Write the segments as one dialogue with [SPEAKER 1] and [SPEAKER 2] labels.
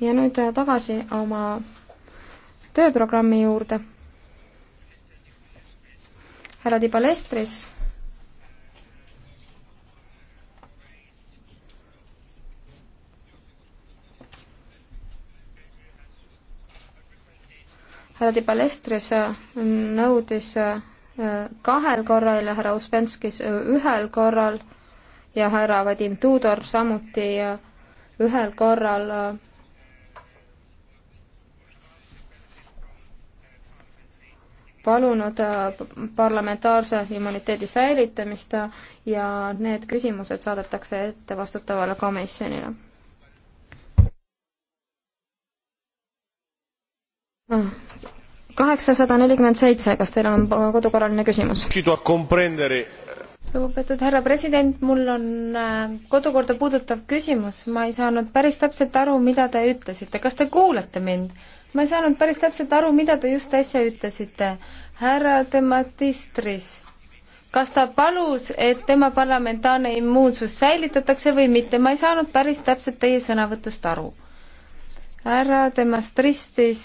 [SPEAKER 1] ja nüüd äh, tagasi oma tööprogrammi juurde. härra Di Palestris härra Di Palestris äh, nõudis äh, kahel korral ja härra Uspenskis ühel korral ja härra Vadim Tudor samuti ühel korral palunud äh, parlamentaarse immuniteedi säilitamist ja need küsimused saadetakse ette vastutavale komisjonile. Ah, kaheksasada nelikümmend seitse, kas teil on kodukorraline küsimus?
[SPEAKER 2] lugupeetud härra president, mul on äh, kodukorda puudutav küsimus, ma ei saanud päris täpselt aru, mida te ütlesite, kas te kuulate mind? ma ei saanud päris täpselt aru, mida te just äsja ütlesite. härra Dematistris, kas ta palus, et tema parlamentaarne immuunsus säilitatakse või mitte, ma ei saanud päris täpselt teie sõnavõtust aru. härra Dematistris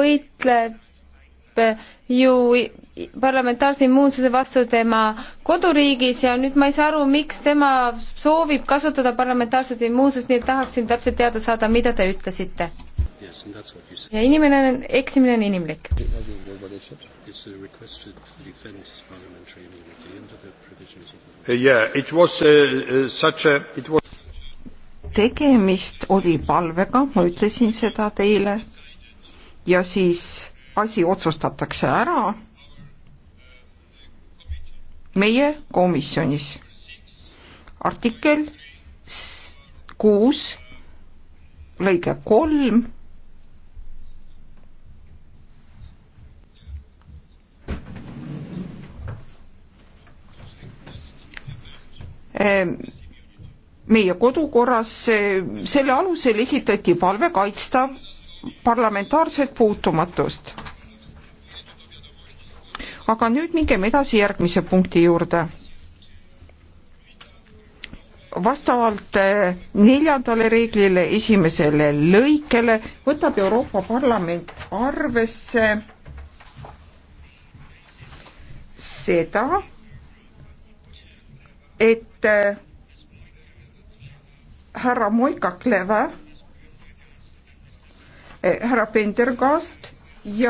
[SPEAKER 2] võitleb ju parlamentaarse immuunsuse vastu tema koduriigis ja nüüd ma ei saa aru, miks tema soovib kasutada parlamentaarset immuunsust, nii et tahaksin täpselt teada saada, mida te ütlesite
[SPEAKER 1] Yes, and that's what you said. ja inimene on, eksimine on inimlik.
[SPEAKER 3] Uh, yeah, it was uh, uh, such a, it was tegemist oli palvega, ma ütlesin seda teile, ja siis asi otsustatakse ära meie komisjonis. artikkel kuus lõige kolm Ehm, meie kodukorras, eh, selle alusel esitati palve kaitsta parlamentaarset puutumatust. aga nüüd mingem edasi järgmise punkti juurde. vastavalt eh, neljandale reeglile esimesele lõikele võtab Euroopa Parlament arvesse seda, et äh, härra Moika
[SPEAKER 2] Kleve, äh, härra Pendergast ja